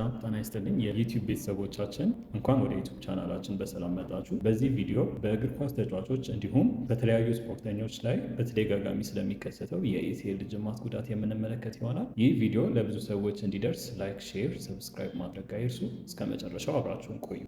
ሰላም ጤና ይስጥልኝ የዩቲዩብ ቤተሰቦቻችን፣ እንኳን ወደ ዩቲዩብ ቻናላችን በሰላም መጣችሁ። በዚህ ቪዲዮ በእግር ኳስ ተጫዋቾች እንዲሁም በተለያዩ ስፖርተኞች ላይ በተደጋጋሚ ስለሚከሰተው የኢሲኤል ጅማት ጉዳት የምንመለከት ይሆናል። ይህ ቪዲዮ ለብዙ ሰዎች እንዲደርስ ላይክ፣ ሼር፣ ሰብስክራይብ ማድረግ አይርሱ። እስከ መጨረሻው አብራችሁን ቆዩ።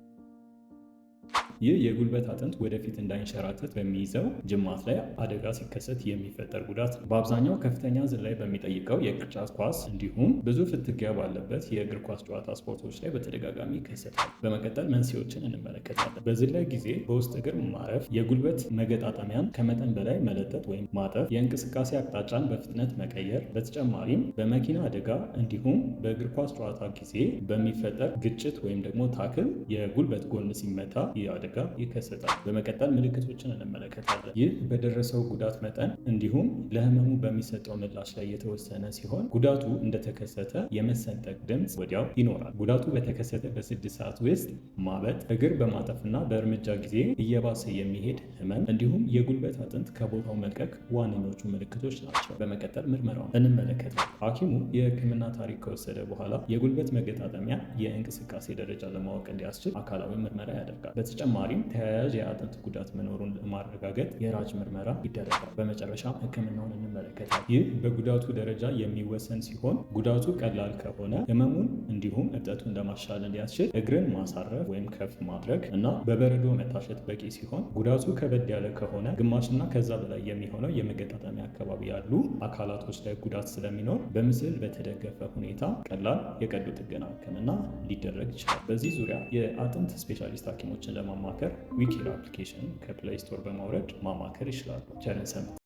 ይህ የጉልበት አጥንት ወደፊት እንዳይንሸራተት በሚይዘው ጅማት ላይ አደጋ ሲከሰት የሚፈጠር ጉዳት ነው። በአብዛኛው ከፍተኛ ዝላይ በሚጠይቀው የቅርጫት ኳስ እንዲሁም ብዙ ፍትጊያ ባለበት የእግር ኳስ ጨዋታ ስፖርቶች ላይ በተደጋጋሚ ይከሰታል። በመቀጠል መንስኤዎችን እንመለከታለን። በዝላይ ጊዜ በውስጥ እግር ማረፍ፣ የጉልበት መገጣጠሚያን ከመጠን በላይ መለጠጥ ወይም ማጠፍ፣ የእንቅስቃሴ አቅጣጫን በፍጥነት መቀየር፣ በተጨማሪም በመኪና አደጋ እንዲሁም በእግር ኳስ ጨዋታ ጊዜ በሚፈጠር ግጭት ወይም ደግሞ ታክል የጉልበት ጎን ሲመታ ይህ አደጋ ይከሰታል። በመቀጠል ምልክቶችን እንመለከታለን። ይህ በደረሰው ጉዳት መጠን እንዲሁም ለህመሙ በሚሰጠው ምላሽ ላይ የተወሰነ ሲሆን ጉዳቱ እንደተከሰተ የመሰንጠቅ ድምፅ ወዲያው ይኖራል። ጉዳቱ በተከሰተ በስድስት ሰዓት ውስጥ ማበጥ፣ እግር በማጠፍና በእርምጃ ጊዜ እየባሰ የሚሄድ ህመም እንዲሁም የጉልበት አጥንት ከቦታው መልቀቅ ዋነኞቹ ምልክቶች ናቸው። በመቀጠል ምርመራውን እንመለከታለን። ሐኪሙ የህክምና ታሪክ ከወሰደ በኋላ የጉልበት መገጣጠሚያ የእንቅስቃሴ ደረጃ ለማወቅ እንዲያስችል አካላዊ ምርመራ ያደርጋል። በተጨማሪም ተያያዥ የአጥንት ጉዳት መኖሩን ለማረጋገጥ የራጅ ምርመራ ይደረጋል። በመጨረሻም ህክምናውን እንመለከታል። ይህ በጉዳቱ ደረጃ የሚወሰን ሲሆን ጉዳቱ ቀላል ከሆነ ህመሙን እንዲሁም እብጠቱን ለማሻል እንዲያስችል እግርን ማሳረፍ ወይም ከፍ ማድረግ እና በበረዶ መታሸት በቂ ሲሆን ጉዳቱ ከበድ ያለ ከሆነ ግማሽና ከዛ በላይ የሚሆነው የመገጣጠሚያ አካባቢ ያሉ አካላቶች ላይ ጉዳት ስለሚኖር በምስል በተደገፈ ሁኔታ ቀላል የቀዶ ጥገና ህክምና ሊደረግ ይችላል። በዚህ ዙሪያ የአጥንት ስፔሻሊስት ሐኪሞችን ለማማከር ዊኪል አፕሊኬሽን ከፕሌይ ስቶር በማውረድ ማማከር ይችላሉ። ቸርን ሰንብቱ።